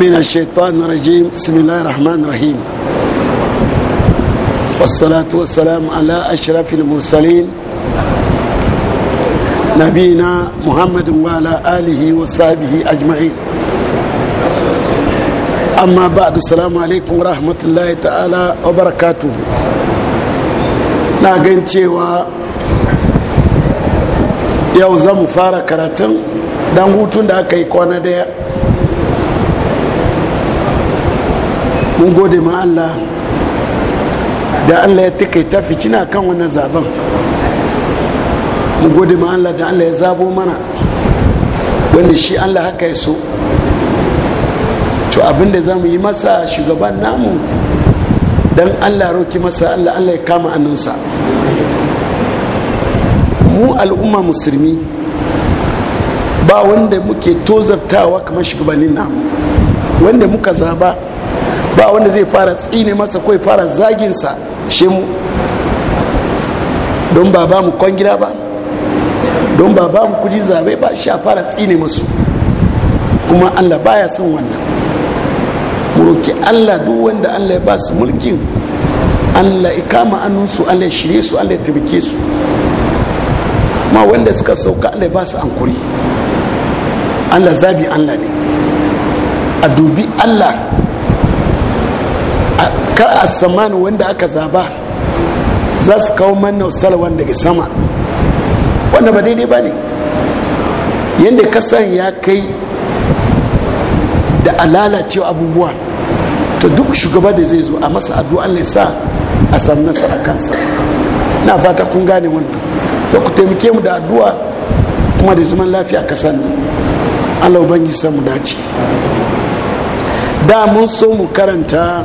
من الشيطان الرجيم بسم الله الرحمن الرحيم والصلاة والسلام على أشرف المرسلين نبينا محمد وعلى آله وصحبه أجمعين أما بعد السلام عليكم ورحمة الله تعالى وبركاته ناقن cewa yau za mu fara karatun dan hutun da aka yi kwana daya mun gode ma allah da allah ya takaita fitina kan wannan zaben mun gode ma allah da allah ya zabo mana wanda shi allah haka ya so to abinda za mu yi masa shugaban namu dan allah roki masa allah allah ya kama annansa mu al'umma musulmi ba wanda muke tozartawa kamar shugabannin namu wanda muka zaba ba wanda zai fara tsine masa kawai fara zaginsa shi mu don ba ba mu kwangila ba don ba ba mu kuji zabe ba sha fara tsine masu kuma allah baya son wannan mu roki allah duk wanda allah ya ba su mulkin allah ya kama annunsu allah ya shirye su allah ya tabbake su ma wanda suka sauka allah ya ba su ankuri allah zabi allah ne a dubi allah kar a wanda aka zaba za su kawo manna salawan daga sama wanda ba daidai ba ne yadda kasan ya kai da alalacewa abubuwa ta duk shugaba da zai zo a masa addu'an Allah sa a nasa a kansa na fata kun gane wanda to ku taimake mu da addu'a kuma da zaman lafiya a kasan nan Allah ubangi samu dace da mun so mu karanta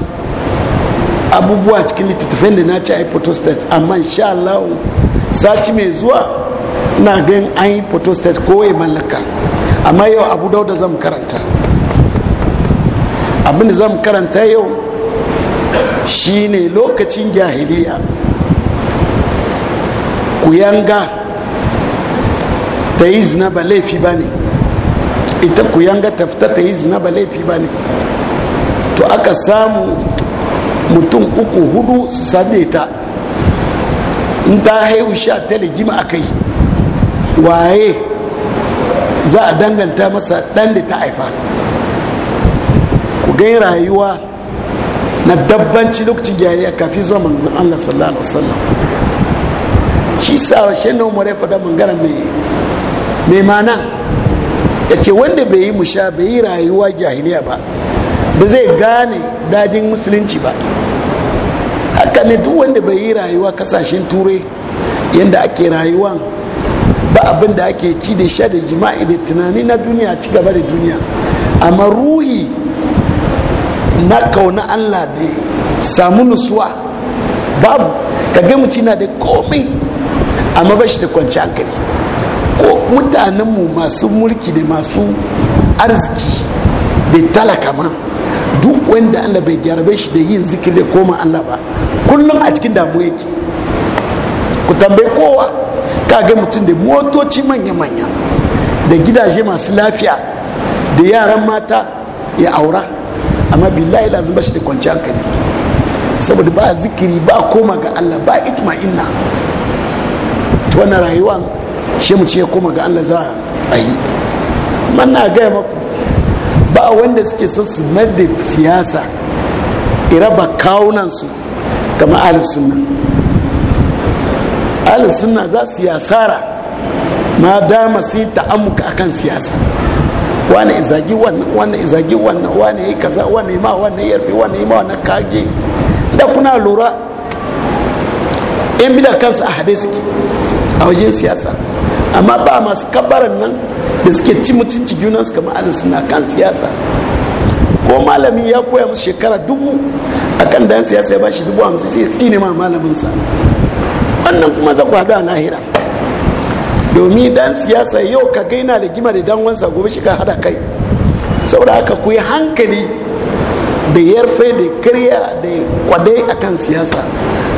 abubuwa cikin littattafai da na ci a yi photostat amma sha Allah sati mai zuwa na gan an yi photostat kowai mallaka amma yau abu dauda zan karanta abin da zan karanta yau shine lokacin jahiliya ku yanga ta yi zina ba laifi ba ne ita ku yanga ta fita ta yi zina ba laifi ba ne to aka samu mutum uku hudu su sade ta in ta haihu sha ta gima a kai waye za a danganta masa dan da ta haifa ku gai rayuwa na dabbanci lokacin jariya kafin zuwa manzan Allah sallallahu alaihi wasallam shi sa shi ne umar ya faɗa mangana mai mana ya ce wanda bai yi musha bai yi rayuwa jahiliya ba ba zai gane dajin musulunci ba haka ne duk wanda bai yi rayuwa kasashen turai yadda ake rayuwa ba abin da ake ci da sha da jima'i da tunani na duniya ci gaba da duniya amma ruhi na kauna allah da samu nusuwa babu kaga mutum na da komai amma ba shi da kwanci hankali ko mutanenmu masu mulki da masu arziki da talaka ma duk wanda Allah bai gyarabe shi da yin zikiri koma Allah ba kullum a cikin damu yake ku tambayi kowa ka ga mutum da motoci manya-manya da gidaje masu lafiya da yaran mata ya aura amma billahi lazim ba shi da kwanci hankali saboda ba zikiri ba koma ga Allah ba itma inna to na rayuwa shi mu ce koma ga Allah za a yi manna gaya maku ba wanda suke son su mayar da siyasa iraba su kama alisunna suna za su yasara ma dama su yi ta'amuka akan siyasa wani izagi wannan wani izagi wannan wani yi kaza wani ma wani yarfi wani ma wani kage da kuna lura yan bida kansu a hade suke a wajen siyasa amma ba masu kabaran nan da suke ci mutunci junansu kamar alis na kan siyasa ko malami ya koya musu shekara dubu a kan dan siyasa ya bashi dubu hamsin sai ya tsine ma malaminsa wannan kuma za ku haɗu a lahira domin dan siyasa yau ka gaina da gima da dan wansa gobe shi ka hada kai saboda haka ku yi hankali da yarfe da kariya da kwadai akan siyasa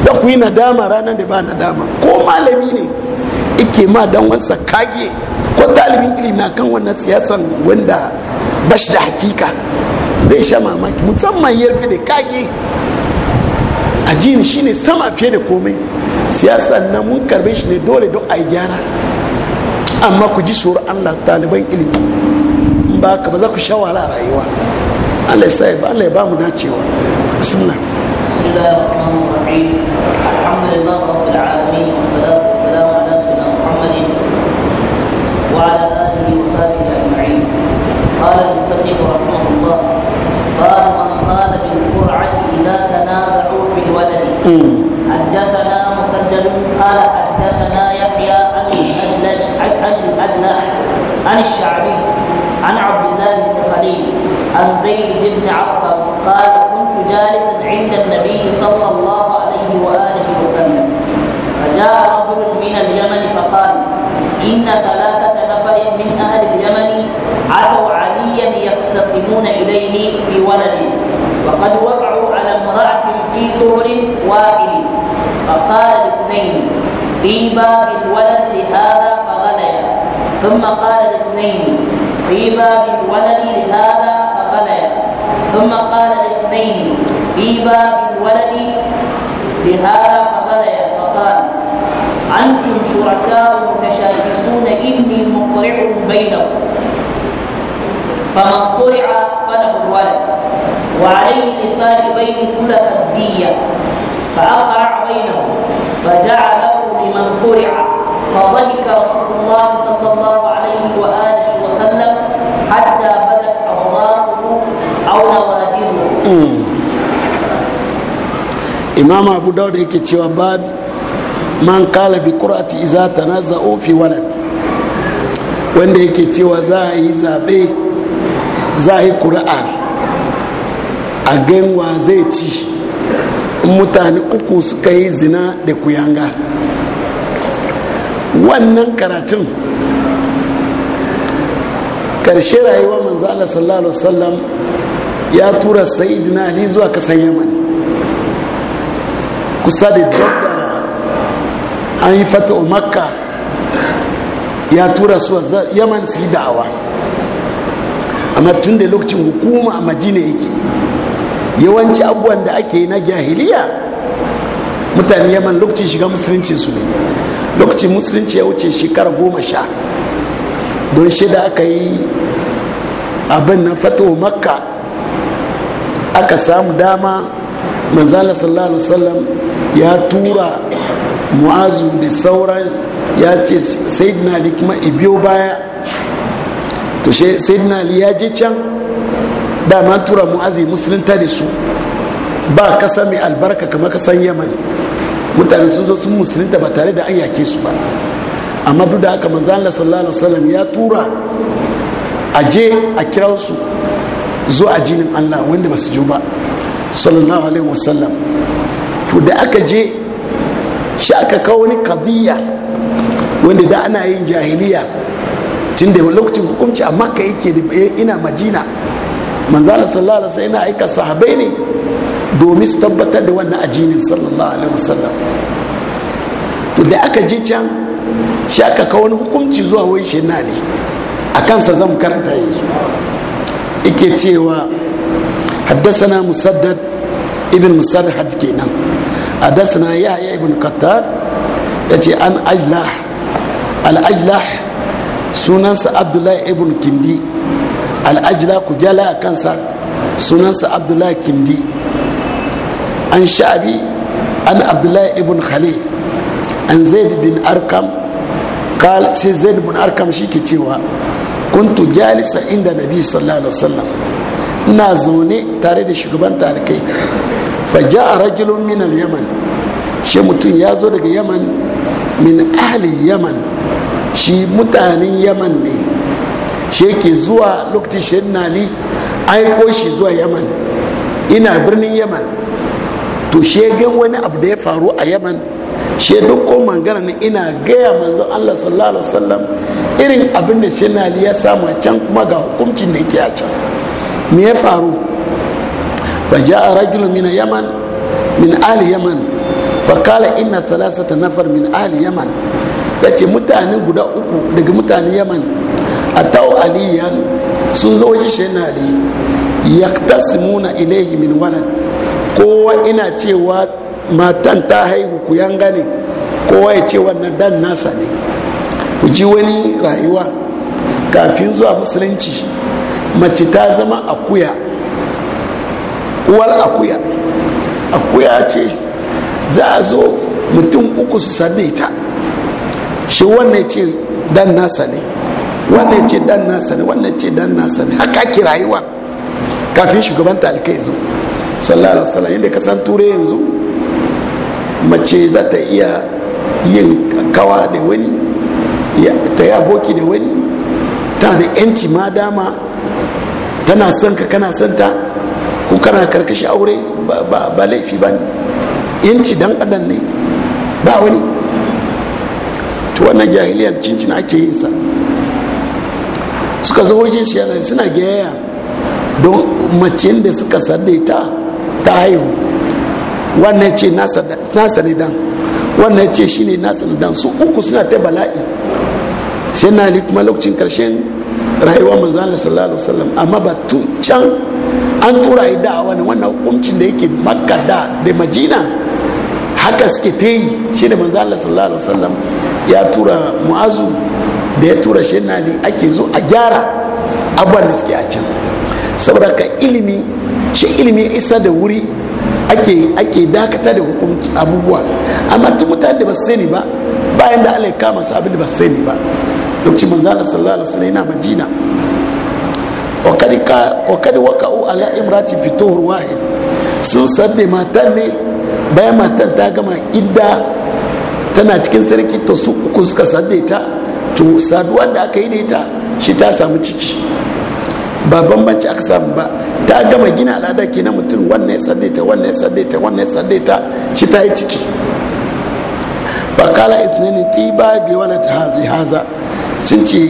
za ku yi nadama ranar da ba nadama ko malami ne ike ma dan wansa kage ko talibin ilimi na kan wannan siyasan wanda bashi da hakika zai sha mamaki musamman yarfe da kage a ajini shine sama fiye da komai siyasan na mun karbe shi ne dole don a yi gyara amma ku ji tsoron allah taliban ilimi in ba ka ba za ku sha wahala rayuwa allah ya ba allah ya ba mu dacewa bismillah قال المسلم رحمه الله قال من قال بالقرعة إذا تنازعوا في الولد حدثنا مسجد قال حدثنا يحيى عن الأجلج عن الأجلح عن الشعبي عن عبد الله بن خليل عن زيد بن عقب قال كنت جالسا عند النبي صلى الله عليه وآله وسلم فجاء رجل من اليمن فقال إن ثلاثة نفر من أهل اليمن عتوا عليا يقتسمون إليه في ولد وقد وقعوا على امرأة في طهر وائل فقال الاثنين باب بالولد لهذا فغليا ثم قال الاثنين باب بالولد لهذا فغليا ثم قال الاثنين باب بالولد لهذا فغليا فقال أنتم شركاء تشاكسون إني مقرع بينكم فمن طلع فله الولد وعليه بين كل الدية فأقرع بينهم فجعله لمن طلع فضحك رسول الله صلى الله عليه وآله وسلم حتى بدت أضراسه أو نواجذه إمام أبو داود yake cewa من قال kala إذا تنزأ في ولد وإن walad wanda إذا بيك za a yi ƙuri'a a ganwa zai ci mutane uku suka yi zina da kuyanga wannan karatun karshe rayuwa manzala sallallahu alaihi wasallam ya tura sayidina ali zuwa kasan yaman kusa da dabda an yi fata makka ya tura su yaman su yi da'awa amma tun da lokacin hukuma a majina yake yawanci abubuwan da ake na jahiliya mutane yaman lokacin shiga musulunci su ne lokacin musulunci ya wuce shekara goma sha don shida aka yi abin na fatawa makka aka samu dama manzala sallallahu alaihi wasallam ya tura mu'azu da sauran ya ce sai na da kuma ibiyo baya to she sayyidina ali ya je can dama tura mu'azi musulunta da su ba kasa mai albarka kamar kasan yaman mutane sun zo sun musulunta ba tare da an yake su ba amma duk da haka manzo Allah sallallahu alaihi wasallam ya tura a je a kira su zo a jinin Allah wanda ba su jo ba sallallahu alaihi wasallam to da aka je shi aka kawo wani kadiyya wanda da ana yin jahiliya tun da lokacin hukunci a makka yake eh, ina majina manzana sallallahu alaihi wasallam yana aika sahabai ne domin su tabbatar da wannan ajinin sallallahu alaihi wasallam to da aka je can shi aka kawo wani hukunci zuwa wai shi na ne a kansa zan karanta yanzu ike cewa haddasana musaddad ibn musarhad kenan haddasana yahya ibn qattar yace an ajlah al ajlah sunansa abdullahi ibn kindi al'ajila ku jala a kansa sunansa abdullahi kindi an sha'abi an abdullahi ibn khalid an zaid bin arkam kal sai zaid bin arkam shi ke cewa kuntu jalisa inda nabi sallallahu alaihi wasallam ina zaune tare da shugaban Talakai. faja a rajulun min yaman shi mutum ya zo daga yaman min ahli yaman shi mutanen yaman ne shi yake zuwa lokacin shi nali aiko shi zuwa yaman ina birnin yaman to shi gan wani abu da ya faru a yaman shi duk ko mangana ne ina gaya manzon Allah sallallahu alaihi wasallam irin abin da shi nali ya samu a can kuma ga hukuncin da yake a can me ya faru a rajulun min yaman min ali yaman فقال inna ثلاثة nafar min ali yaman ya ce mutane guda uku daga mutane yaman a tau aliyan sun zo wajen shi na ali ya tasimuna ilaihi min walad kowa ina cewa matan ta haihu ku yan gane kowa ya ce wannan dan nasa ne ku ji wani rayuwa kafin zuwa musulunci mace ta zama akuya uwar akuya akuya ce za a zo mutum uku su sande ita shi wannan ce dan nasa ne wannan ce dan nasa ne wannan ce dan nasa ne haka ake rayuwa kafin shugaban talika zo sallallahu alaihi wasallam inda ka san ture yanzu mace za ta iya yin kawa da wani ta yi aboki da wani tana da yanci ma dama tana son ka kana son ta ko kana karkashi aure ba laifi ba ne yanci dan adam ne ba wani to wannan jahiliyar cincin ake yin sa suka zo wajen shi suna gaya don macin da suka sadde ta ta haihu wannan ce nasa ne dan wannan ce shi ne nasa ne dan su uku suna ta bala'i shi na kuma lokacin karshen rayuwa manzan da sallallahu alaihi wasallam amma ba tun can an tura yi da wani wannan hukuncin da yake makka da da majina haka suke ta yi shi da manzo Allah sallallahu alaihi wasallam ya tura mu'azu da ya tura shi na ne ake zo a gyara abubuwan da suke a can saboda ka ilimi shi ilimi isa da wuri ake ake dakata da hukunci abubuwa amma tun mutane da ba su sani ba bayan da Allah ya kama su abin da ba su sani ba lokacin manzo Allah sallallahu alaihi wasallam yana Madina wa kad waka'u ala imrati fi tuhur wahid sun sadde matan ne bayan matan ta gama idda tana cikin sarki to su uku suka sadde ta to saduwa da aka yi da ita shi ta samu ciki ba bambanci aka samu ba ta gama gina al'ada ke na mutum wannan ya sadde ta wannan ya sadde ta wannan ya sadde ta shi ta yi ciki fakala isnani tiba bi wala ta haza sun ce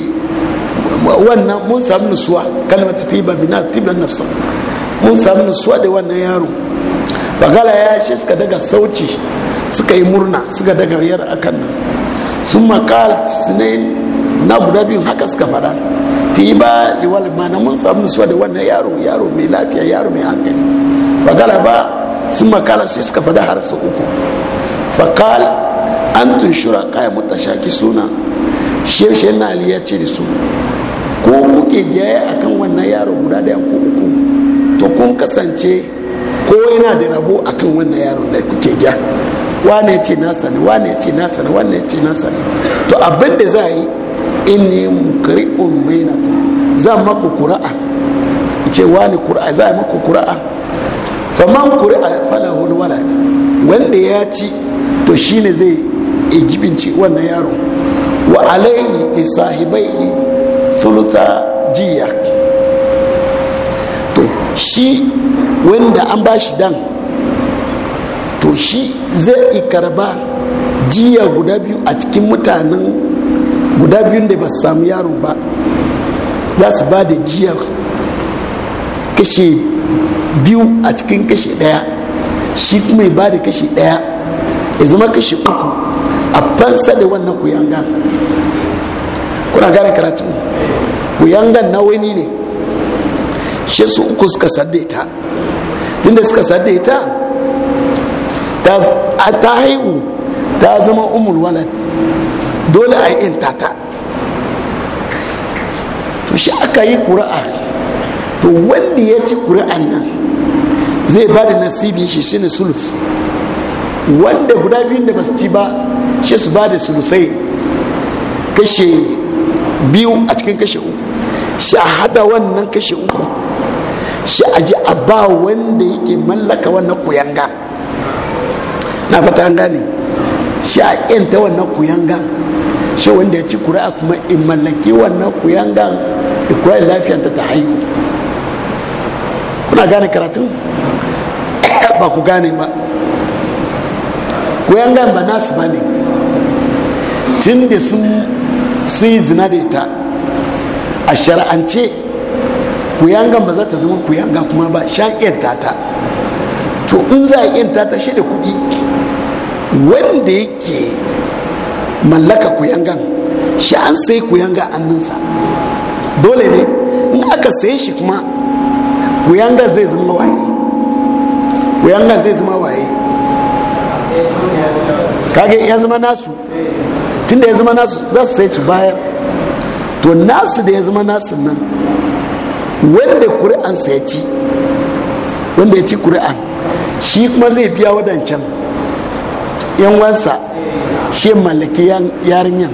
wannan mun samu nusuwa kalmata tiba bi na tiblan nafsa mun samu nusuwa da wannan yaro fagala ya shi suka daga sauci suka yi murna suka daga yar akan nan sun makal sinayin na guda biyun haka suka fada ta yi ba liwal mana mun samu suwa da wannan yaro yaro mai lafiya yaro mai hankali fagala ba sun makala sai suka fada har su uku fakal an tun shura kaya mutashaki suna sheshe na ali ce da su ko kuke gaya akan wannan yaro guda da yanku uku to kun kasance ko yana da rabo akan wannan yaron da kuke gya wane ce nasa ne wane ce nasa ne wane ce nasa ne to abin da za yi in ne mukri'un bainakum zan maku kura'a ce wani kura'a za a maku kura'a faman kura'a falahul walad wanda ya ci to shine zai gibinci wannan yaron wa alaihi bi sahibai thulutha jiya to shi wanda an ba shi dan to shi zai karba jiya guda biyu a cikin mutanen guda biyun da ba su samu yaron ba za su ba da jiya kashe biyu a cikin kashe daya shi kuma ya ba da kashe daya ya zama kashe uku a fansa da wannan kuyangan kuna gane karatun kuyangan na wani ne shi su uku suka saddeta. ta tunda suka sadda ita ta haihu ta zama umul walad dole a yi ta to shi aka yi kuri'a to wanda ya ci kuri'an nan zai ba da nasibin shi shine sulus wanda guda biyun da basu ci ba shi su ba da sulusai kashe biyu a cikin kashe uku shahada wannan kashe uku shi aji a ba wanda yake mallaka wannan kuyanga na fata an gane shi a yanta wannan kuyanga shi wanda ya ci a kuma in mallaki wannan kuyanga da kura lafiyanta ta haihu kuna gane karatun ba ku gane ba kuyanga ba nasu ba ne tun da sun yi zina da ita a shari'ance kuyangan ba za ta zama kuyanga kuma ba shan yanta tata, to in za a yanta ta shi da kuɗi wanda yake mallaka kuyangan shi an sai kuyanga annunsa, dole ne in aka sai shi kuma kuyangan zai zama waye kuyangan zai zama waye kage ya zama nasu tun da ya zama nasu za su sai ci bayar to nasu da ya zama nasu nan wanda kuri'ansa ya ci wanda ya ci kuri'an shi kuma zai biya wadancan yan wansa shi mallaki yarinyan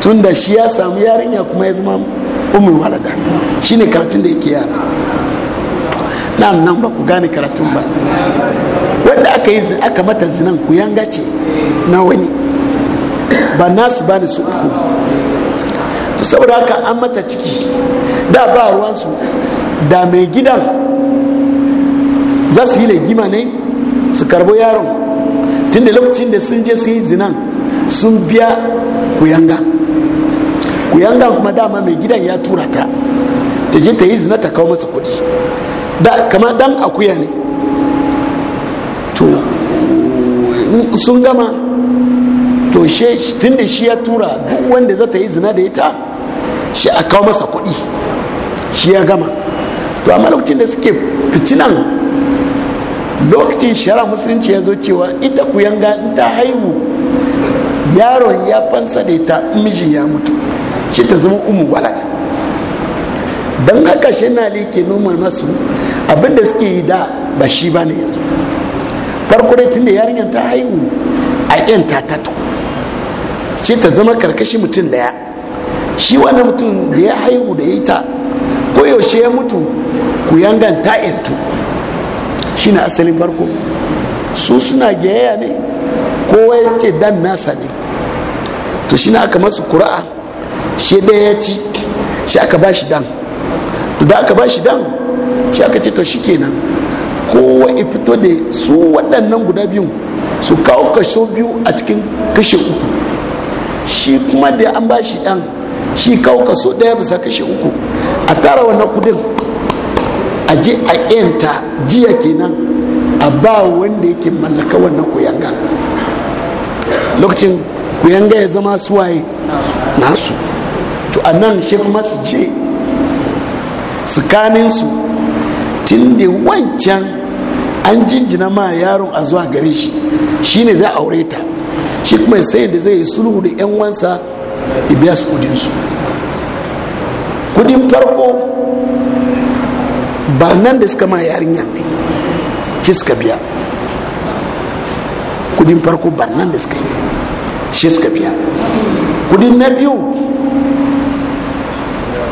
tun da shi ya samu yarinya kuma ya zama umar walada shi ne karatun da yake yara nan nan ba ku gane karatun ba wanda aka yi aka mata zinan ku yanga ce na wani ba nasu ba ni su uku saboda haka an mata ciki da ba ruwansu da mai gidan za su yi legima ne su karbo yaron tunda lokacin da sun je su yi zinan sun biya kuyanga kuyanga kuma dama mai gidan ya tura ta ta je ta yi zina ta kawo masa kuɗi da kama dan akuya ne to sun gama to she tunda shi ya tura duk wanda za ta yi zina da ita shi a kawo masa kuɗi shi ya gama to amma lokacin da suke fitinan lokacin shara musulunci ya zo cewa ita ku yanga ta haihu yaron ya fansa da ita mijin ya mutu shi ta zama umu wala don haka shi na ke noma masu abinda suke yi da ba shi ba ne yanzu farko dai tunda yarinyar ta haihu a yan ta tato shi ta zama karkashin mutum daya shi wani mutum da ya haihu da ya ta koyaushe ya mutu ku yangan yantu shi na asalin farko su suna gayaya ne kowa ya ce dan nasa ne to shi na aka masu kura'a shi ɗaya ya ci shi aka ba shi dan to da aka ba shi dan shi aka ce to shi kenan kowa ya fito da su waɗannan guda biyu su kawo kaso biyu a cikin kashe uku shi kuma da an ba shi dan shi kawo kaso ɗaya bisa kashe uku a tara wannan kudin a je a yanta jiya kenan a ba wanda yake mallaka wannan kuyanga lokacin kuyanga ya zama suwaye nasu to a nan shi kuma su je tun da wancan an jinjina ma yaron a zuwa gare shi shine za aure ta shi kuma sai da zai yi sulhu da 'yan wansa ibiyas kudinsu kudin farko ba nan da suka ma yarinyar ne ki suka biya kudin farko ba nan da suka yi shi suka biya kudin na biyu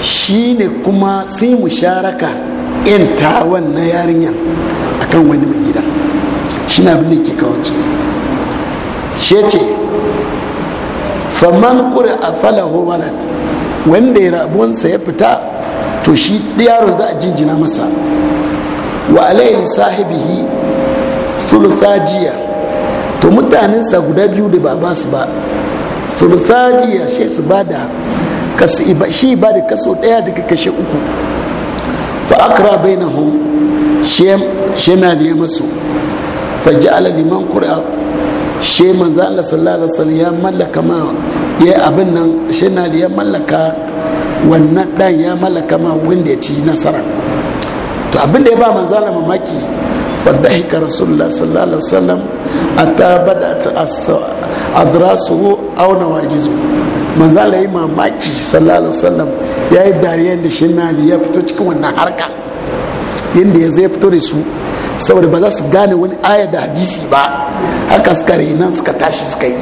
shi ne kuma sai mu sharaka yan tawon na yarinyar akan wani mai gida shi na abin da ke kawance shi ce faman kuri a falahu walad wanda ya rabuwansa ya fita to shi yaron za a jinjina masa wa alayhi sahibihi sulusajiya to mutanensa guda biyu da ba basu ba sulusajiya shi su bada shi ba da kaso daya daga kashe uku fa akra bainahum shem ya masu fa ja'ala liman qur'a she manzo Allah sallallahu alaihi wasallam ya mallaka ma ya abin nan she na ya mallaka wannan dan ya mallaka ma wanda ya ci nasara to abin da ya ba manzo Allah mamaki fadahika rasulullah sallallahu alaihi wasallam atta badat adrasu aw nawajiz manzo Allah ya mamaki sallallahu alaihi wasallam yayi dariyan da shinani ya fito cikin wannan harka inda ya zai fito da su saboda ba za su gane wani aya da hadisi ba haka suka nan suka tashi suka yi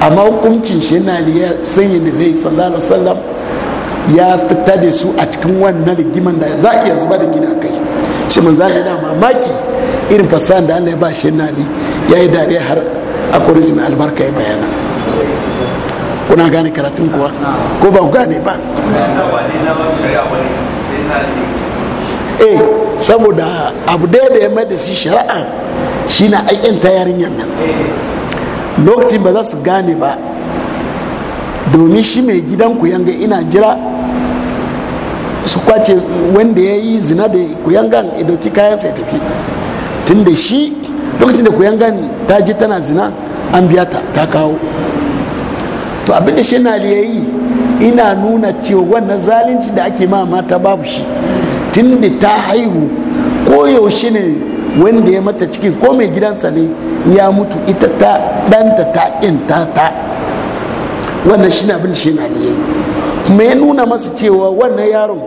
amma hukuncin shi yana ya sanya da zai sallallahu sallam ya fita da su a cikin wannan rigiman da za a iya zuba da gina kai shi man zaka da mamaki irin fasan da Allah ya ba shi nali ya yi dariya har a kurji mai albarka ya bayana kuna gane karatun kuwa ko ba ku gane ba eh saboda abu da da ya mai da shi shari'a na aikin ta yarinyar nan lokacin ba za su gane ba domin shi mai gidan ku yanga ina jira su kwace wanda ya yi zina da kuyangan ya dauki kayan sai tafi tun da shi lokacin da kuyangan ta ji tana zina an biya ta ta kawo to abin da shi na yi ina nuna cewa wannan zalunci da ake ma mata babu shi tun da ta haihu ko yaushe ne wanda ya mata ciki ko mai gidansa ne ya mutu ita ta ɗanta ta ta ta wannan shi abin shi na ne kuma ya nuna masu cewa wannan yaron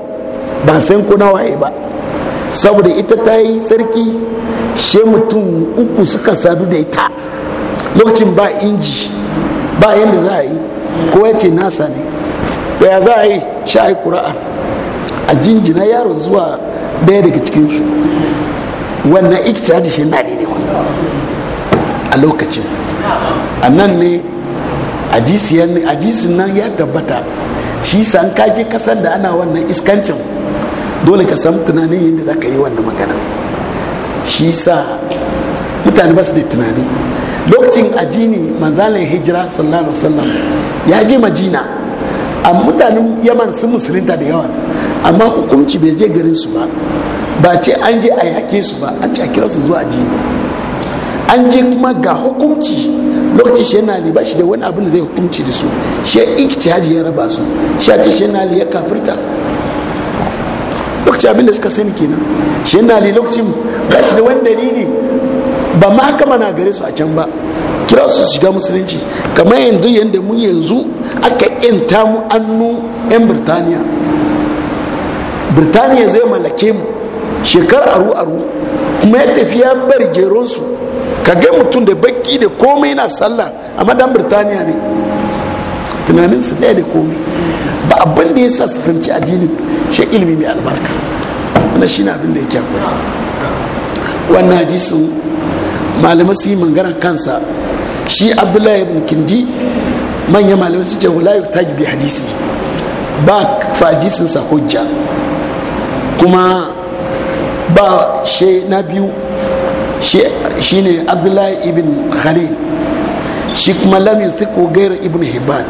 ba san kuna waye ba saboda ita ta yi sarki she mutum uku suka sadu da ita lokacin ba inji ba yadda za a yi ko ya ce nasa ne ya za a yi sha yi kura'a a jinjina yaro zuwa daya daga cikin su wannan da shi na daidai wannan a lokacin a nan ne ajisin nan ya tabbata shi san kaji kasar da ana wannan iskancin dole ka san tunanin yadda za ka yi wannan magana shi sa mutane ba su da tunani lokacin ajini manzalin hijira sallallahu alaihi wasallam ya je majina a mutanen yaman sun musulunta da yawa amma hukunci bai je garin su ba ba ce an je a yake su ba a ce a kira su zuwa jini an je kuma ga hukunci lokaci shi yana liba shi da wani abin da zai hukunci da su shi iktihaji ya raba su shi a ce shi yana ya kafirta lokaci abin da suka sani kenan shi yana lokacin ba shi da wani dalili ba ma haka mana gare su a can ba kira su shiga musulunci kamar yanzu yadda mu yanzu aka yanta mu annu 'yan birtaniya birtaniya zai mallake mu shekar aru-aru kuma ya tafi ya bar geronsu ka ga mutum da baki da komai na sallah a madan birtaniya ne tunaninsu ɗaya da komai ba abin da ya sa su fahimci addinin shi ilimi mai albarka wannan shi na abin da yake akwai wannan sun malamai su yi mangaran kansa shi abdullahi ibn kindi manyan malamai su ce wala ta gibi hadisi ba fa hadisinsa hujja kuma ba she na biyu shi ne abdullahi ibn khalil shi kuma lam yusiku gairar ibn hibban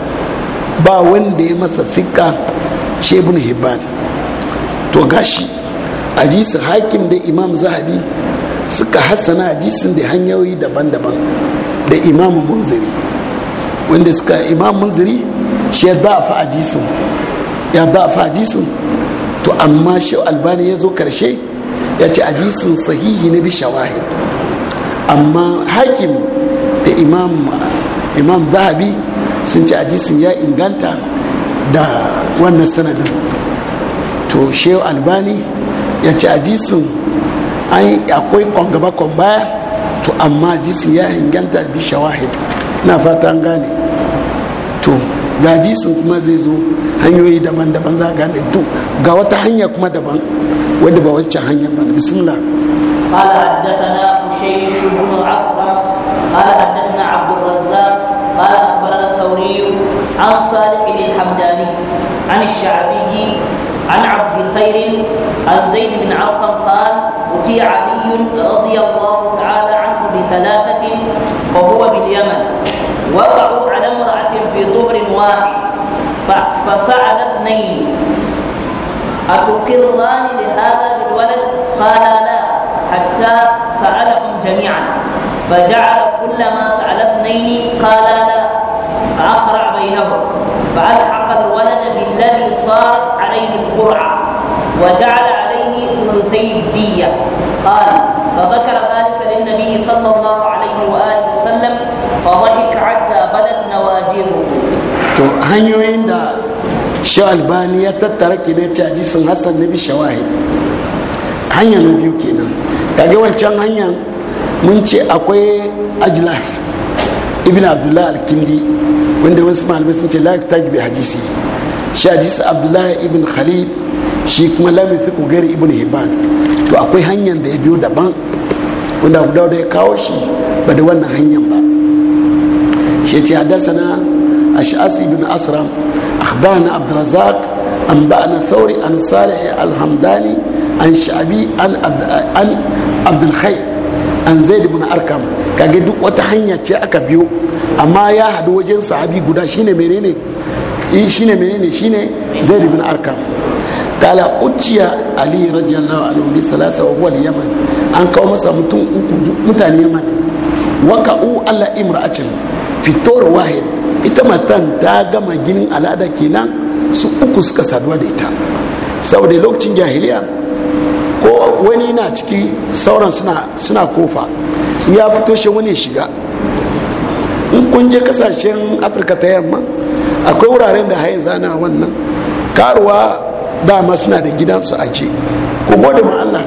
ba wanda ya masa Sika shi ibn hibban to gashi hadisin hakim da imam zahabi suka hassana hadisin da hanyoyi daban-daban da imam munziri wanda suka imam munziri shi ya dafa ajisin ya dafa ajisin to amma shi albani ya zo karshe ya ce ajisin sahihi na bi shawahid amma hakim da imam imam zahabi sun ci ajisin ya inganta da wannan sanadin to shi albani ya ci ajisin akwai kwan gaba baya to amma jisi ya inganta bi shawahid na fatan gane to ga jisin kuma zai zo hanyoyi daban-daban za gane to ga wata hanya kuma daban wadda ba waccan hanyar ba bismillah قال حدثنا حشيش بن العصبة قال حدثنا عبد الرزاق قال أخبرنا الثوري عن صالح الحمداني عن الشعبي عن عبد خير عن زيد بن علقم قال أتي علي رضي الله تعالى ثلاثة وهو باليمن وقعوا على امرأة في طهر واحد فصعد اثنين أتقران لهذا بالولد قال لا حتى سألهم جميعا فجعل كل ما سأل اثنين قال لا فأقرع بينهم فألحق الولد بالذي صارت عليه القرعة وجعل عليه ثلثي الدية قال فذكر ذلك للنبي صلى الله عليه وآله وسلم فضحك حتى بدت نواجذه to hanyoyin da shi albani ya tattara ke da ci hadisin hassan na bishawahid hanya na biyu kenan kage wancan hanyar mun ce akwai ajla ibn abdullah al-kindi wanda wasu malamai sun ce la yaktaj bi hadisi shi hadisi abdullah ibn khalid shi kuma lamithu gari ibn hibban to akwai hanyar da ya biyo daban wanda abu dauda ya kawo shi ba da wannan hanyar ba shi ce haddasana ash'as bin asram akhbarana ba na thawri an salih al an sha'bi an abd an zaid ibn arkam kage duk wata hanya ce aka biyo amma ya hadu wajen sahabi guda shine menene shine menene shine zaid ibn arkam kala uciya ali radiyallahu anhu bi salasa wa huwa yaman an kawo masa mutum uku mutane yaman ne waka u alla imra'atin fi tor wahid ita matan ta gama ginin al'ada kenan su uku suka saduwa da ita saboda lokacin jahiliya ko wani na ciki sauran suna suna kofa ya fito shi wani shiga in kun je kasashen afirka ta yamma akwai wuraren da hayan zana wannan karuwa dama suna da gidansu a ce ko gode ma Allah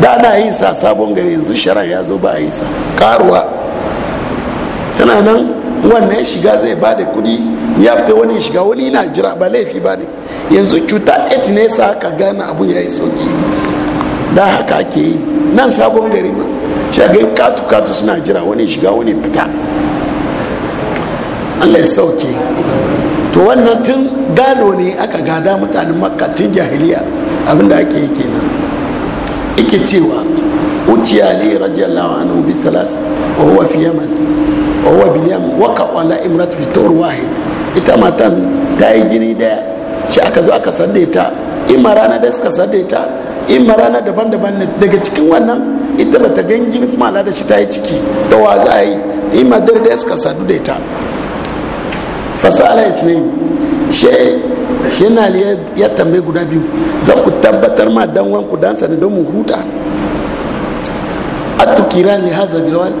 da na yi sa sabon gari yanzu sharar ya zo ba a yi sa karuwa tana nan wannan shiga zai ba da kudi ya fita wani shiga wani na jira ba laifi ba ne yanzu cuta et ne sa ka gane abun ya yi sauki da haka ake yi nan sabon gari ma shagai katu katu suna jira wani shiga wani fita allah ya sauke to wannan tun gado ne aka gada mutanen makka jahiliya abinda ake yi kenan ike cewa uci ali radiyallahu anhu bi salas wa huwa fi yaman wa huwa bi yaman wa ka wala imrat fi tur wahid ita matan ta yi gini daya shi aka zo aka sande ta in ma rana da suka sande ta in ma rana daban-daban daga cikin wannan ita bata gan jini kuma ala da shi ta yi ciki ta wa za a yi in ma dare da suka sadu da ita ala isnin she she na ya tambaye guda biyu za ku tabbatar ma dan ku dan sani don mu huta tukira ne haza bilwal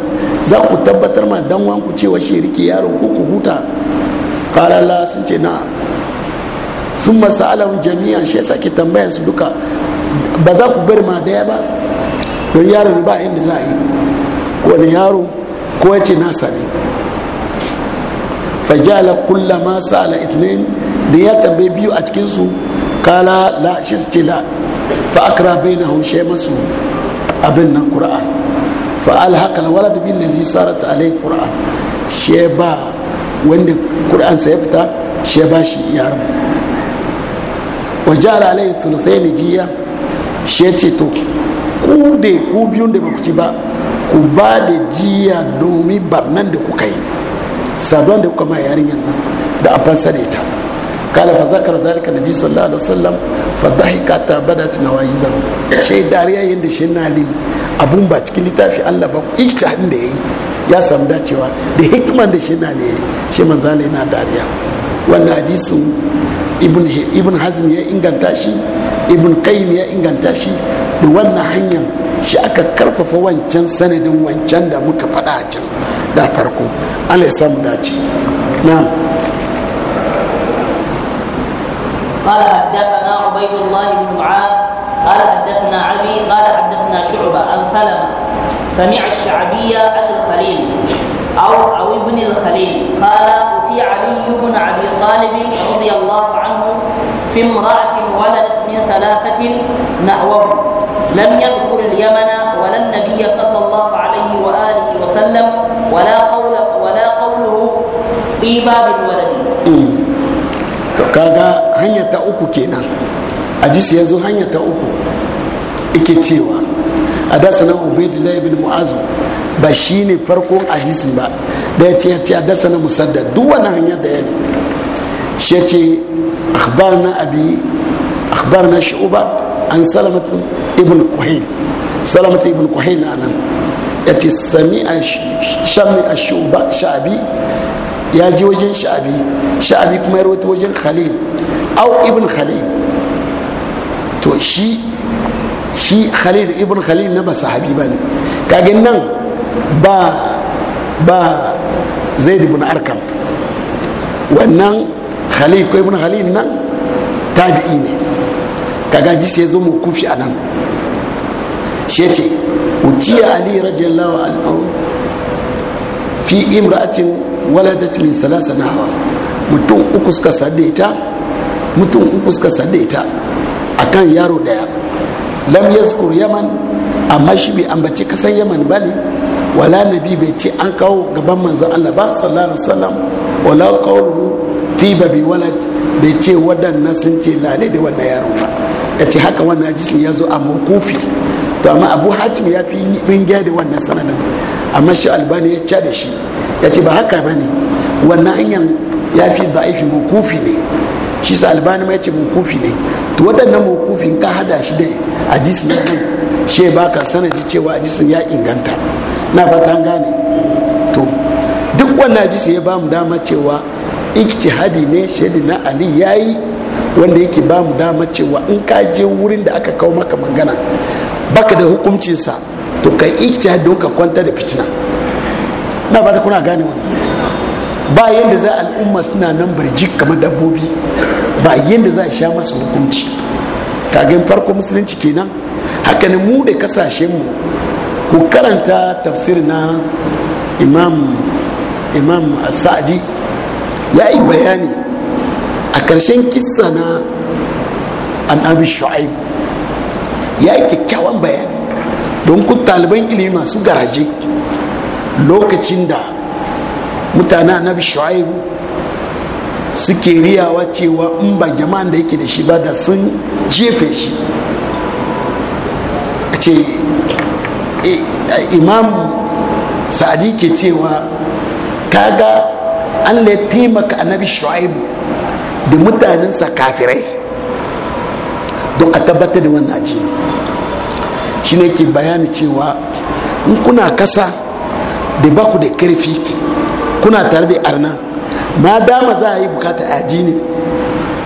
za ku tabbatar ma dan wanku cewa shi rike yaron ko ku huta la sun ce na sun masalahun jami'an shi sake tambayan su duka ba za ku bari ma daya ba don yaron ba inda za a yi wani yaro ko ya ce nasa ne fajala kulla ma sa'ala itnin da ya tambaye biyu a cikinsu kala la shi su ce la fa'akara bai na haushe masu abin nan ƙura'a fa'al haka na wala bibin da zai sarata alai ƙura'a shi ba wanda ya fita shi ba shi yaran wajen alai sulusai ne jiya shi ce to ku da ku biyun da ba ku ci ba ku ba da jiya domin barnan da kuka yi sabon da kuka ma yarinyar nan da a fansa da ita قال فذكر ذلك النبي صلى الله عليه وسلم فضحك حتى نوايذ شي شيء داريا يند شي نالي abun ba cikin littafi Allah ba ijtihadin da yayi ya samu dacewa da hikman da shi nale shi manzala yana dariya wannan hadisin ibn ibn hazm ya inganta shi ibn qayyim ya inganta shi da wannan hanyar shi aka karfafa wancan sanadin wancan da muka faɗa a can da farko Allah ya samu dace na قال حدثنا عبيد الله بن معاذ قال حدثنا عبي قال حدثنا شعبة عن سلمة سمع الشعبي عن الخليل أو أو ابن الخليل قال أتي علي بن أبي طالب رضي الله عنه في امرأة ولدت من ثلاثة نحوه لم يذكر اليمن ولا النبي صلى الله عليه وآله وسلم ولا قول ولا قوله طيبة بالولد to kaga hanya ta uku kenan hadisi ya zo hanya ta uku ike cewa a da sanar ubaidullahi bin mu'azu ba shi ne farkon hadisin ba da ya ce ya ce a dasa sanar musadda duk wani hanyar da ya ne shi ya ce akhbar na abi akhbar na shi'uba an salamatu ibn kuhail salamatu ibn kuhail na nan ya ce sami a shami a shi'uba sha'abi ya ji wajen sha'abi sha'abi kuma ya rawaito wajen khalil au ibn khalil to shi shi khalil ibn khalil na ba sahabi ba ne kagin nan ba ba zaid na arkam wannan khalil ko ibn khalil nan tabi'i ne kaga ji sai zo mu kufi a nan shi ce uciya ali radiyallahu anhu fi imra'atin waladat min salasa nahwa mutum uku suka ta mutum uku suka sadda a akan yaro daya lam yazkur yaman amma shi bai ambaci kasan yaman bane wala nabi bai ce an kawo gaban manzon Allah ba sallallahu alaihi wasallam wala qawluhu tiba bi walad bai ce wadannan sun ce lale da wannan yaro ba yace haka wannan hadisin ya zo a mukufi to amma abu hatim ya fi ringiya da wannan sanadin amma shi albani ya ca da shi ya ce ba haka ba ne wannan hanyar ya fi da'ifi mukufi ne shi sa albani mai ce mukufi ne to waɗannan mukufin ka hada shi da hadisi na nan shi ba ka sanadi cewa hadisin ya inganta na fata gane to duk wannan hadisi ya ba mu dama cewa hadi ne shaidina ali yayi wanda yake ba mu dama cewa in ka je wurin da aka kawo maka magana baka da hukuncinsa to ka ikita don ka kwanta da fitina na ba da kuna gane wani ba yadda za al'umma suna nan birjik kamar dabbobi ba yadda za a sha masa hukunci kagin farko musulunci kenan haka mu da mu ku karanta tafsir na imam imam sa'adi ya yi bayani a ƙarshen kissa na annabi shu'aib ya yi kyakkyawan bayani don ku taliban ilimi masu garaje lokacin da mutanen annabi shu'aib suke riyawa cewa in ba jama'an da yake da shi ba da sun jefe shi a ce eh, imam sa'adi ke cewa kaga an ya taimaka annabi shu'aibu da mutanensa kafirai don a tabbatar da wannan ajiyar shi ne ke bayani cewa in kuna kasa da baku da karfi kuna tare da arna ma dama za a yi bukata ajini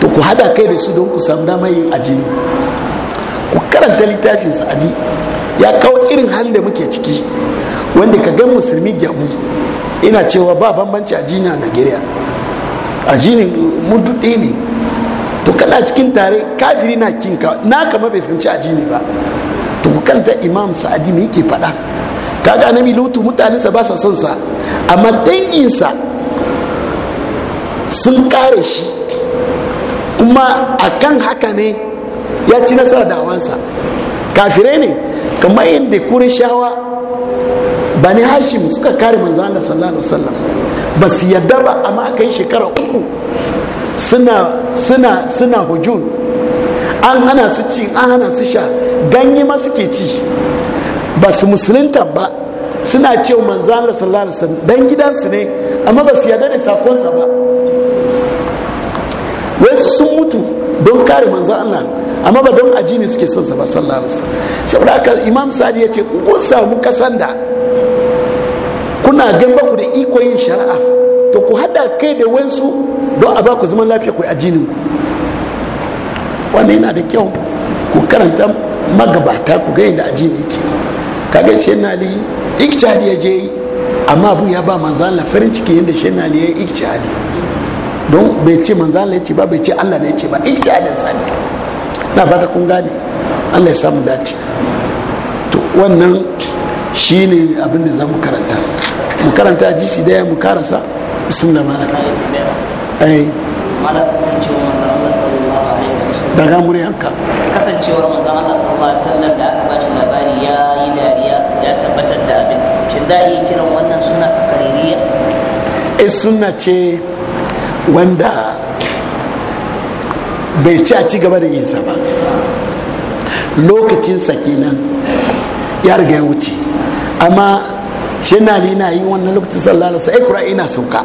to ku hada kai da su don ku samu dama yin ajini ku karanta littafin sa'adi ya kawo irin halin da muke ciki wanda ka gan musulmi gyabu ina cewa ba bambanci ajini a nigeria ajini mudu ne to kana cikin tare kafiri na kinka na kama bai fahimci addini ba to ku kanta imam sa'adi me yake faɗa kaga annabi lutu sa ba sa son sa amma danginsa sun kare shi kuma akan haka ne ya ci nasara da awansa kafirai ne kamar yadda shawa. bani hashim suka kare manzo Allah sallallahu alaihi wasallam ba su yadda ba amma aka yi shekara uku suna suna suna hujun an hana su ci an hana su sha ganye ma suke ci ba su musulunta ba suna cewa manzo Allah sallallahu alaihi wasallam dan gidansu ne amma ba su yarda da sakonsa ba wasu sun mutu don kare manzo Allah amma ba don aji ne suke son sa ba sallallahu alaihi wasallam saboda haka imam sadi ya ce kun samu kasanda. da kuna gan ba ku da iko yin shari'a to ku hada kai da wansu don a ba ku zaman lafiya ku ajinin ku Wani yana da kyau ku karanta magabata ku ga yadda ajini yake kaga shi yana da ikhtihadi ya je amma abu ya ba manzan la farin ciki yadda shi yana da ikhtihadi don bai ce manzan la ya ce ba bai ce Allah ne ya ce ba ikhtihadin sa ne na fata kun gane Allah ya samu dace to wannan shi ne abin da za mu karanta mu karanta hadisi daya mu karasa sun da eh. mana ai daga muryanka kasancewar manzon Allah sallallahu alaihi wasallam da aka bashi labari ya yi dariya ya tabbatar da abin shin da yi kiran wannan suna kaririya eh sunna ce wanda bai ci a ci gaba da yin sa ba lokacin sa kenan ya riga ya wuce amma shi na yi wannan lokacin sallallahu alaihi wasallam ina sauka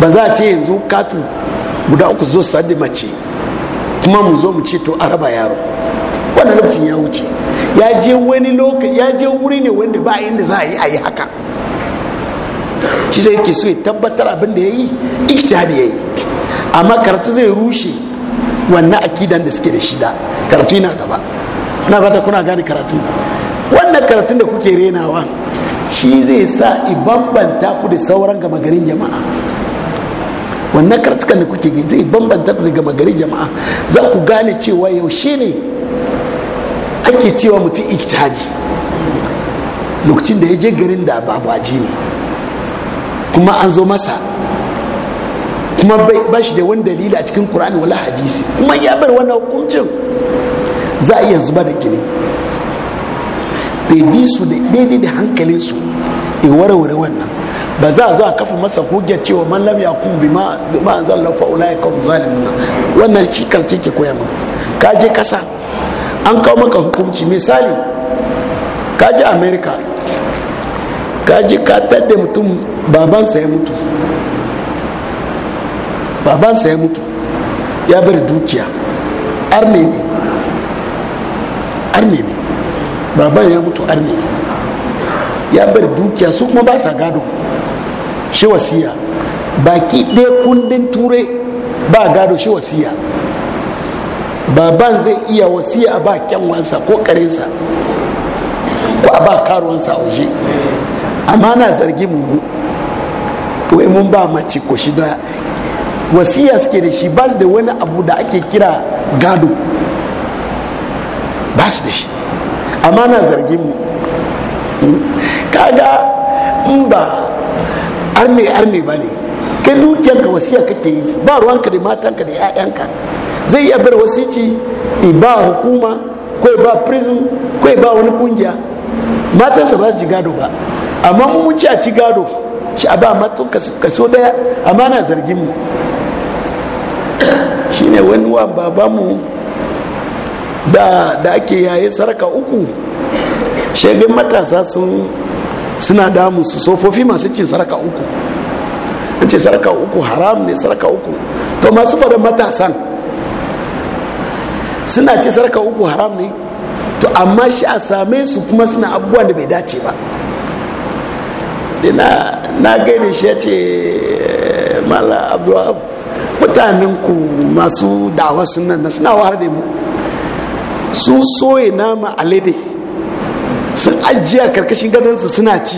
ba za a ce yanzu katu guda uku zo sadi mace kuma mu zo mu ce to a raba yaro wannan lokacin ya wuce ya je wani lokaci ya je wuri ne wanda ba inda za a yi a yi haka shi sai yake so ya tabbatar abin da ya yi da ya yi amma karatu zai rushe wannan akidan da suke da shida karatu yana gaba na fata kuna gane karatun wannan karatun da kuke renawa shi zai sa ibambanta ku da sauran gama garin jama'a wannan karatukan da kuke zai bambanta ku da gama garin jama'a za ku gane cewa yau shi ne ake cewa mutum ikhtihadi lokacin da ya je garin da babu aji ne kuma an zo masa kuma ba shi da wani dalili a cikin kur'ani wala hadisi kuma ya bar wannan hukuncin za a iya zuba da gini tebi bi su da daidai da hankalin su e warware wannan ba za a zo a kafa masa hujjar cewa man lam ma bima zan lafa fa ulai zalim na wannan shi karshe ke koya ma ka je kasa an kawo maka hukunci misali ka je america ka je ka tadda mutum babansa ya mutu babansa ya mutu ya bari dukiya arne ne arne ne baban ya mutu arne ya bari dukiya su kuma ba sa gado shi wasiya baki ɗaya kundin ture ba gado shi wasiya baban zai iya wasiya a ba kyanwansa ko karensa ko a ba karuwansa a waje amma na zargi mu wai mun ba mace ko shi da wasiya suke da shi ba su da wani abu da ake kira gado ba su da shi amma na zargin mu hmm? kaga in ba arne arne ba ne kai ka wasiya kake yi ba ruwanka da matanka da 'ya'yanka zai iya bar wasici i ba hukuma ko ba prison ko ba wani kungiya matansa ba su ji gado ba amma mu ci a ci gado shi a ba matan kaso daya amma na zargin mu shine wani wa babanmu da da ake yaye sarka uku shegin matasa sun suna damu su sofofi masu cin sarka uku an ce sarka uku haram ne sarka uku to masu faɗin matasan suna ci sarka uku haram ne to amma shi a same su kuma suna abubuwa da bai dace ba na na gani shi ya ce mala abdullahab mutanen ku masu dawa sunan suna ware mu sun soye nama alade sun ajiya karkashin gadonsu suna ci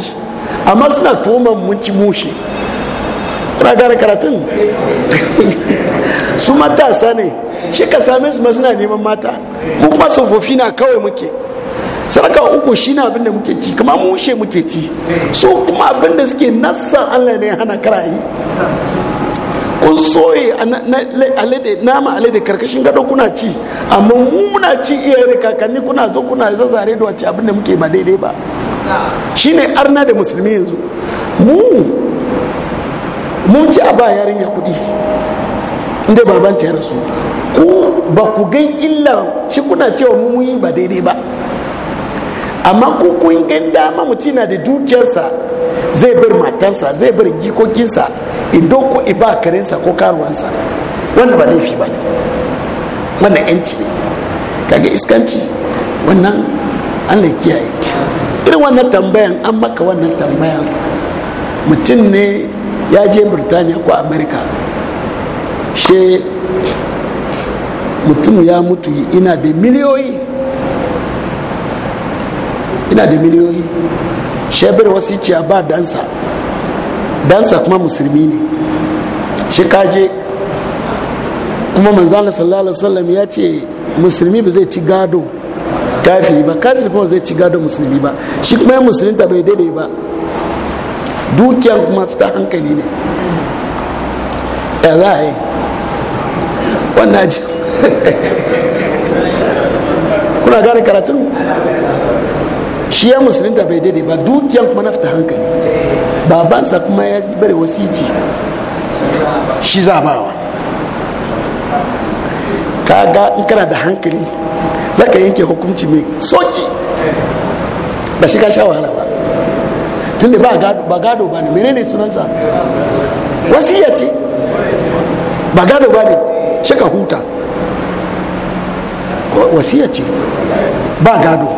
amma suna tuwoman mun ci mushe ragara karatun su matasa ne shi ka same su suna neman mata mu kuma tsofaffi na kawai muke saraka uku shi na abinda muke ci kuma mushe muke ci su kuma abinda suke nassan allah ne hana karayi kun soye alade nama alade karkashin gado kuna ci amma mu muna ci iyayen kakanni kuna zo kuna zazzare da wace abin da muke ba daidai ba shine arna da musulmi yanzu mu mun ci a ba ya kuɗi inda babanta ya rasu ku ba ku gan illa shi kuna cewa mu yi ba daidai ba amma ko kun yan dama mutum na da dukiyarsa zai bar matansa zai bar jikokinsa idan ko iba karensa ko karuwansa wannan ba laifi ba ne wannan yanci ne kaga iskanci wannan allah kiyaye irin wannan tambayan an maka wannan tambayan mutum ne ya je birtaniya ko amerika she mutum ya mutu ina da miliyoyi ina da miliyoyi shebar wasiciya ba dansa dansa kuma musulmi ne shi kaje kuma manzana sallallahu alaihi wasallam ya ce musulmi ba zai ci gado kafiri ba da kuma zai ci gado musulmi ba shi kuma ya ta bai daidai ba dukiyan kuma fita hankali ne ya za a yi wannan ji kuna gane karatun shi ya musulunta bai daidai ba dukiyan kuma nafta hankali babansa kuma ya bari wasiti shi zabawa ga in kana da hankali ka yanke hukunci mai soki ba shi ka sha wahala ba tun da ba gado ba ne menene sunansa wasiya ce ba gado ba ne shi ka huta wasiya ce ba gado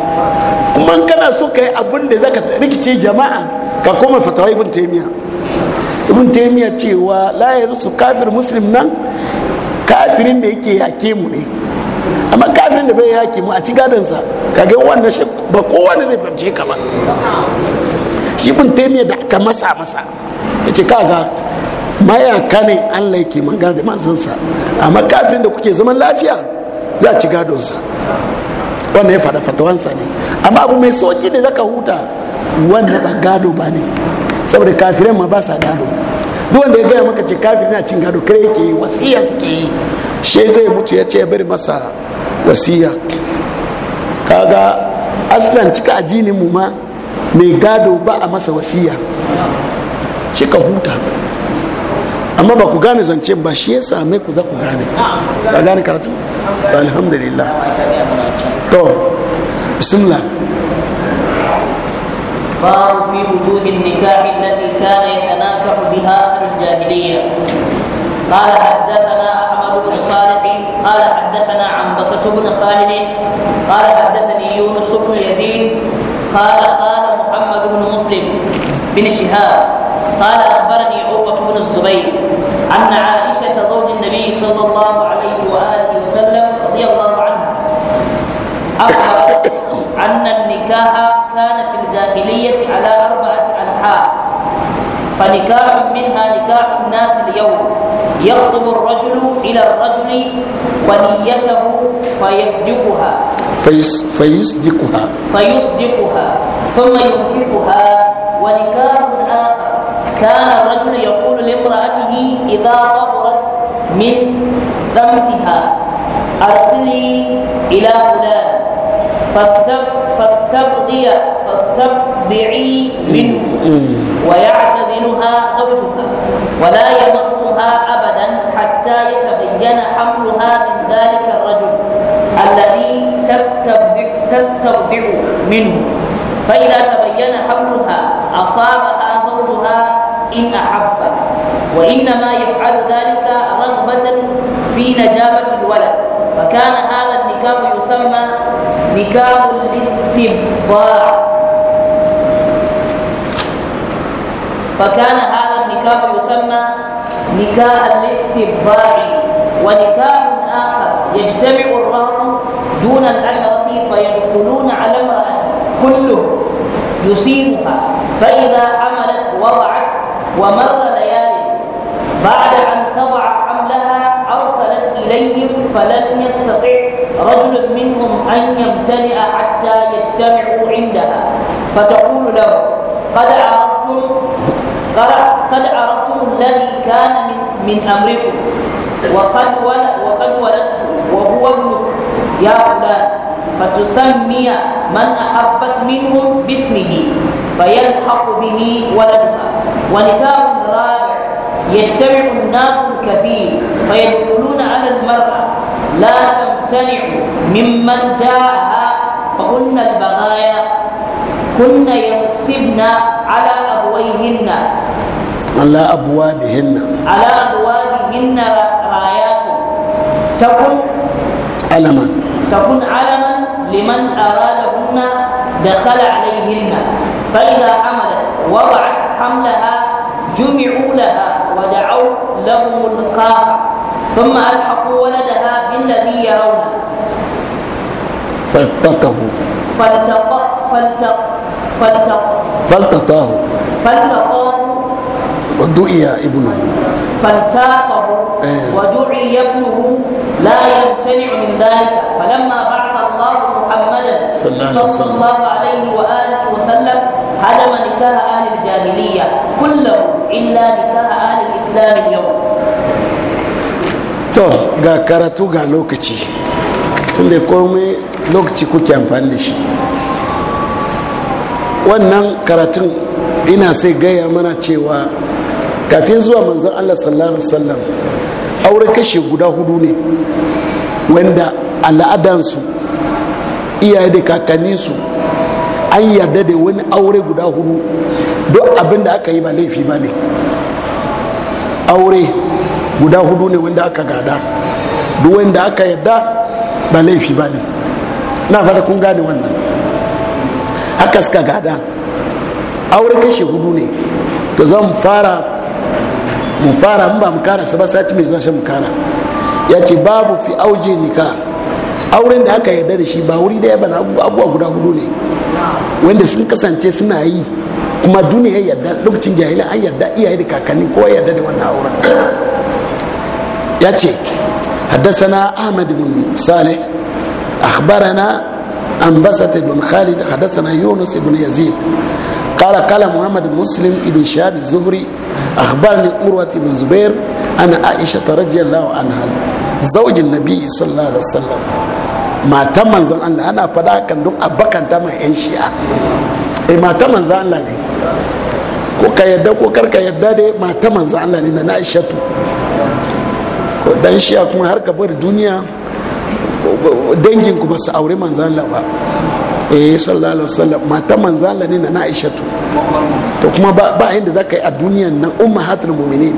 kuma kana so ka yi abin da zaka rikice jama'a ka koma fatawa ibn taymiya ibn taymiya cewa la su kafir muslim nan kafirin da yake yake mu ne amma kafirin da bai yake mu a ci gadansa kaga wannan shi ba kowanne zai fahimce ka ba shi ibn taymiya da aka masa masa yace kaga mayaka ne Allah yake magana da manzansa amma kafirin da kuke zaman lafiya za a ci sa. wannan ya faɗa fatawansa ne amma abu mai sauki da zaka huta wannan ba gado ba ne saboda kafirai ma ba sa gado duk wanda ya gaya maka ce kafiri na cin gado kare yake yi wasiya suke yi shi zai mutu ya ce ya bari masa wasiya kaga aslan cika ajinin mu ma mai gado ba a masa wasiya shi ka huta amma ba ku gane zance ba shi ya same ku za ku gane ba gane karatu alhamdulillah to bismillah babu fi wujubin nikahi allati kana yanakahu biha al-jahiliyyah qala haddathana ahmad bin salih qala haddathana an basat bin khalid qala haddathani yunus bin yazid qala qala muhammad bin muslim bin shihab qala akhbarani uqba bin zubayr anna aisha zawj an-nabi sallallahu alayhi أخبر أن النكاح كان في الجاهلية على أربعة أنحاء فنكاح منها نكاح الناس اليوم يخطب الرجل إلى الرجل ونيته فيصدقها فيس فيصدقها فيصدقها ثم ينكحها ونكاح آخر كان الرجل يقول لامرأته إذا طهرت من ذنبها أرسلي إلى فلان فاستبغي فاستبعي منه ويعتزلها زوجها ولا يمسها أبدا حتى يتبين حملها من ذلك الرجل الذي تستبدع, تستبدع منه فإذا تبين حملها أصابها زوجها إن احبت وإنما يفعل ذلك رغبة في نجابة الولد فكان هذا النكاح يسمى نكاح الاستبضاع فكان هذا النكاح يسمى نكاح الاستبضاع ونكاح آخر يجتمع الرهن دون العشرة فيدخلون على المرأة كله يصيبها فإذا عملت وضعت ومر ليالي بعد أن تضع حملها إليهم فلن يستطع رجل منهم أن يمتلئ حتى يجتمعوا عندها فتقول له قد عرفتم قد عرفتم الذي كان من, من أمركم وقد ولد وقد ولدت وهو ابنك يا فلان فتسمي من أحبت منهم باسمه فيلحق به ولدها ونكاح رابع يجتمع الناس الكثير فيدخلون على المرأة لا تمتنع ممن جاءها فقلنا البغايا كن ينصبن على أبويهن على أبوابهن على أبوابهن رايات تكن علما تكن علما لمن أرادهن دخل عليهن فإذا حملت وضعت حملها جمعوا لها ودعوا لهم القاع ثم ألحقوا ولدها بالذي يرونه فالتقه فالتق فالتقه فالتقه فالتقاه فالتقاه ودعي ابنه فالتقه آه. ودعي ابنه لا يمتنع من ذلك فلما بعث الله محمدا صلى الله عليه واله وسلم هدم نكاه اهل الجاهليه كله الا نكاه اهل الإسلام to ga karatu ga lokaci tun da komai lokaci kuke amfani da shi wannan karatun ina sai gaya mana cewa kafin zuwa manzan allah sallallahu alaihi wasallam aure kashe guda hudu ne wanda al'adansu iyaye da kakanninsu an yarda da wani aure guda hudu duk abinda aka yi ba laifi ba ne aure guda hudu ne wanda aka gada duk wanda aka yadda ba laifi ba ne na fara kun gane wannan haka suka gada aure kashe hudu ne to zan fara mu fara mu ba mu kara ba sati mai zashen mu kara ya ce babu fi auje nika auren da aka yarda da shi ba wuri daya ba na abubuwa guda hudu ne wanda sun kasance suna yi kuma duniya ya yarda lokacin jahili an yarda iyaye da kakanni ko ya yarda da wannan auren ya ce haddasana bin bin khalid haddasana yunus bin yazid kala qala muhammad muslim ibn shahab az-zuhri bin zubair ana aisha nabi Allah ana fada kan duk abakan ta mai yan shi'a eh Allah ne ko ka yadda ko karka yadda dai mata manzo Allah ne na Aishatu ko dan shi a kuma har ka bar duniya dangin ku ba su aure manzo Allah ba eh sallallahu alaihi wasallam mata manzo Allah ne na Aishatu to kuma ba inda zaka yi a duniyan nan ummahatul mu'minin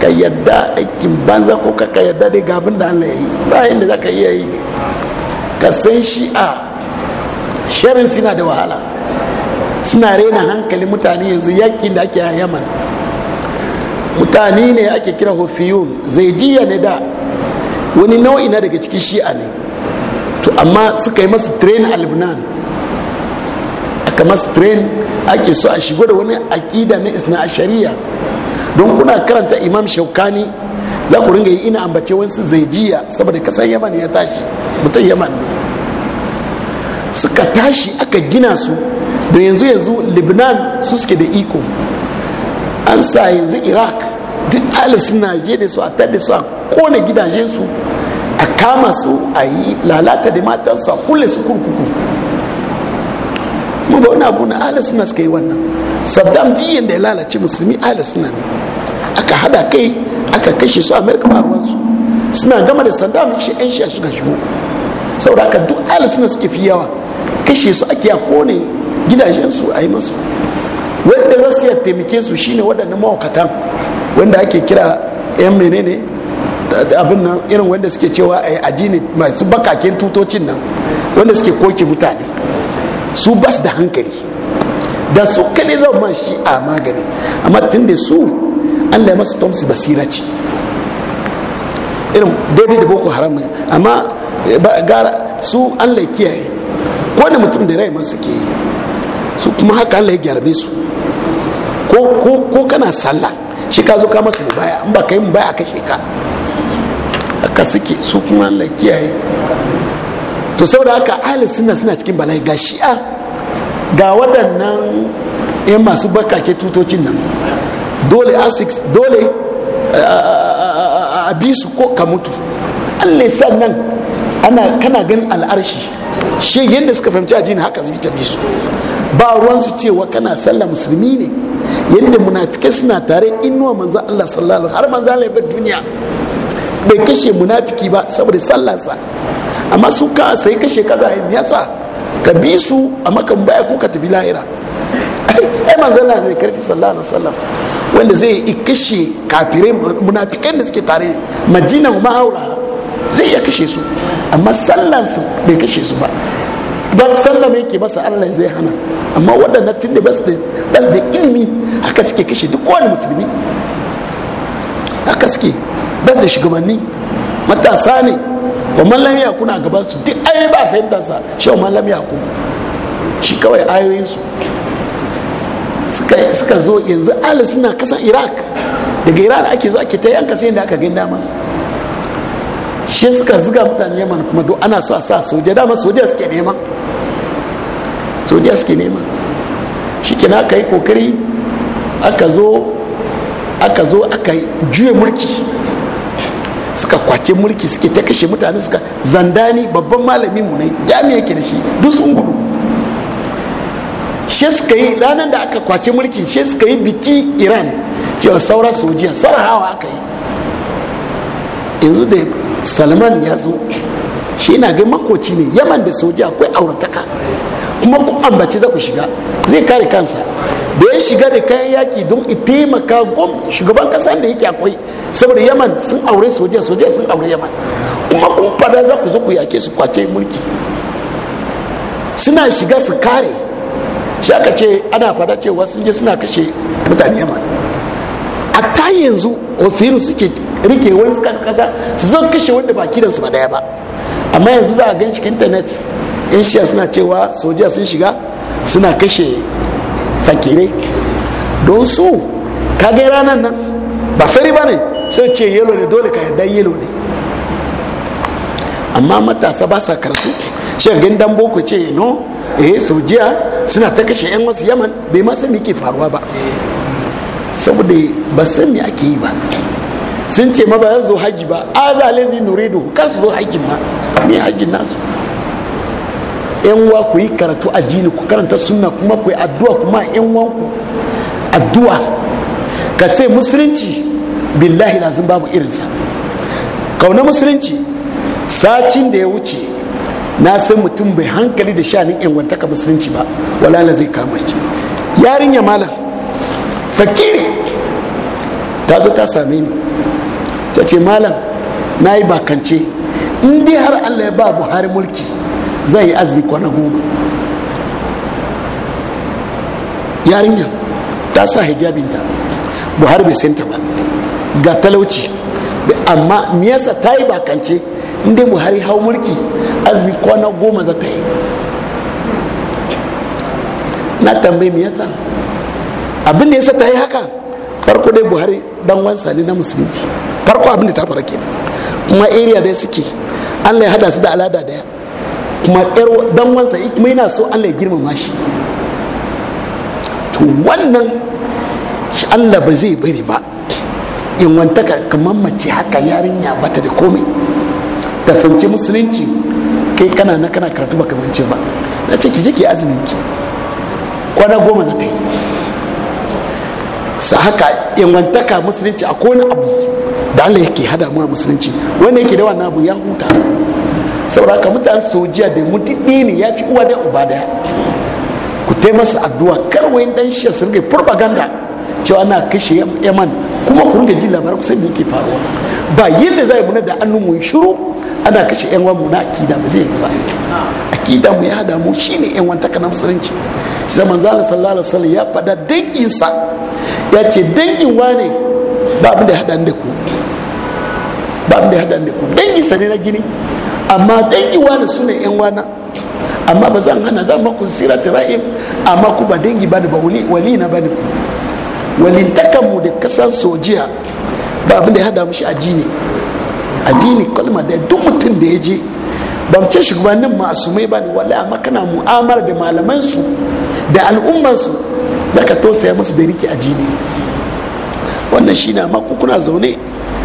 ka yadda aikin banza ko ka yadda dai ga abin da Allah ya yi ba inda za ka iya yi ka san shi a sharin sina da wahala suna rena hankali mutane yanzu yakin da ake a yaman mutane ne ake kira hufiyun jiya ne da wani nau'i na daga cikin shi'a ne to amma suka yi masu train a lebanon aka masu train ake so a shigo da wani akida na isna a shari'a don kuna karanta imam shaukani za ku ringa yi ina ambace wasu jiya saboda kasan yaman ya tashi mutum yaman ne suka tashi aka gina su da yanzu yanzu libnan su suke da iko an sa yanzu iraq duk ali suna je da su a tadda su a kone gidajensu a kama su a yi lalata da matansu a kulle su kurkuku mu ba wani abu na ali suna suka yi wannan saddam jiyan da ya lalace musulmi ali suna ne aka hada kai aka kashe su amerika ba ruwansu suna gama da saddam shi yan shi a shiga shigo saboda haka duk ali suna suke fi yawa kashe su ake a kone gidajensu a yi masu wanda za su taimake su shine waɗannan mahaukatan wanda ake kira yan menene abin nan irin wanda suke cewa a ajini masu bakaken tutocin nan wanda suke koke mutane su bas da hankali da su kaɗai zan man shi a magani amma tun da su an ya masu tomsi basira ce irin daidai da boko haram amma gara su an ya kiyaye ko mutum da rai masu ke yi su kuma haka Allah ya gyarbe su ko ko ko kana sallah shi ka zo ka masa mubaya in ba kai mubaya ka shi ka haka suke su kuma Allah kiyaye to saboda haka ahli sunna suna cikin bala'i ga shi'a ga waɗannan yan masu bakake tutocin nan dole asics dole a bi ko ka mutu Allah sannan ana kana ganin al'arshi shi yadda suka fahimci ajiyar haka zai ta su ba ruwansu cewa kana sallah musulmi ne yadda munafikai suna tare inuwa manzan Allah sallallahu har manzan Allah ya duniya bai kashe munafiki ba saboda sallarsa amma su ka sai kashe kaza ya yasa ka bi su a makan baya ko ka tafi lahira ai manzan Allah zai karfi sallallahu alaihi wasallam wanda zai kashe kafirai munafikan da suke tare majina ma haula zai iya kashe su amma sallansu bai kashe su ba don sallama yake masa allah zai hana amma waɗanda tun da basu da ilimi haka suke kashe duk wani musulmi haka suke basu da shugabanni matasa ne wa mallam ya kuna gaban su duk ayoyi ba sa shi wa mallam ya kuma shi kawai su suka zo yanzu ala suna kasan iraq daga iraq ake zo ake ta yanka sai da aka gani dama shi suka zuga mutane yaman kuma duk ana so a sa soja dama soja suke nema soja suke nema shi kina aka yi kokari aka zo aka zo aka juye mulki suka kwace mulki suke ta kashe mutane suka zandani babban malami mu ne jami'a yake da shi duk sun gudu shi suka yi ranar da aka kwace mulki shi suka yi biki iran cewa saura sojiya sarhawa aka yi yanzu da salman ya zo shi na ga makoci ne yaman da soja akwai aurataka kuma ku ambaci za ku shiga zai kare kansa da ya shiga da kayan yaki don i taimaka gom shugaban kasa da yake akwai saboda yaman sun aure soja soja sun aure yaman kuma kun fada za ku zo ku yake su kwace mulki suna shiga su kare shi aka ce ana fada cewa sun je suna kashe mutane yaman a ta yanzu osiru suke rike wani suka kasa su zo kashe wanda ba kiransu ba daya ba amma yanzu za a gan shi intanet in shiya suna cewa sojiya sun shiga suna kashe fakirai don su kage ranar nan ba fari ba ne sai ce yelo ne dole ka yarda yelo ne amma matasa ba sa karatu shi gindan boko ce no eh sojiya suna ta kashe yan wasu yaman bai ma san me faruwa ba saboda ba san me ake yi ba sun ce ma ba za su haji ba a nure nuridu kar su zo hajji ma mai hajji nasu yan uwa ku yi karatu a jini ku karanta sunna kuma ku yi addu'a kuma yan wa ku addu'a ka ce musulunci billahi lazim babu irinsa kauna musulunci sacin da ya wuce na san mutum bai hankali da shanin ka musulunci ba walala zai kama shi yarinya malam Fakiri ta zo ta same ni ta ce malam na yi bakance dai har allah ya ba buhari mulki zai yi azumi kwana goma yarinya ta sa hijabinta buhari bai senta ba ga talauci amma miyasa ta yi bakance ndi buhari hau mulki azumi kwana goma za ta yi na tambayi miyasa abin da yasa ta yi haka farko dai buhari dan wansa ne na musulunci farko abin da ta fara kenan kuma area dai suke allah ya hada su da alada daya kuma yar dan wansa kuma yana so allah ya girmama shi to wannan shi allah ba zai bari ba in wantaka kamar mace haka yarinya bata da komai ta fahimci musulunci kai kana na kana karatu baka mance ba na ce ki je ki azumin ki kwana goma za ta yi sa haka ingantaka musulunci a kone abu da Allah yake hada mu a musulunci wanda yake da wannan abu ya huta saboda ka mutane sojiya da mutuɗi ne ya fi uwa da uba daya ku taimasa addu'a kar dan shi su rike propaganda cewa ana kashe yaman kuma ku ringa jin labarai kusan me yake faruwa ba yadda zai muna da annu mu shiru ana kashe yan mu na akida ba zai yi ba akida mu ya hada mu shine yan wanta takana musulunci zaman zalla sallallahu alaihi wasallam ya fada dangin sa ya ce dangin wane ba abin da hada da ku ba abin da hada da ku dangin sa ne na gini amma dangin wane sune yan wana amma ba zan hana zan maku sirati rahim amma ku ba dangi bane ba wali na ne ku walintakamu da kasan sojiya ba abin da ya hada mushi addini addini kalma da duk mutum da ya je ban ce shugabannin masumai ba ne wallahi amma kana mu'amala da malaman su da al'ummar su zaka tausaya musu da rike addini wannan shine amma ku kuna zaune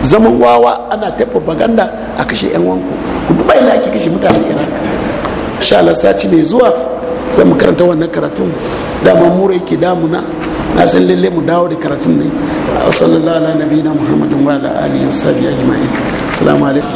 zaman wawa ana ta propaganda a kashe yan wanku ku duba ina ake kashe mutanen iraq insha Allah sati mai zuwa zan karanta wannan karatun dama mura yake damuna na san lalle mu dawo da karatun ne sallallahu ala nabiyina muhammadin wa ala alihi wa sahbihi ajma'in assalamu alaikum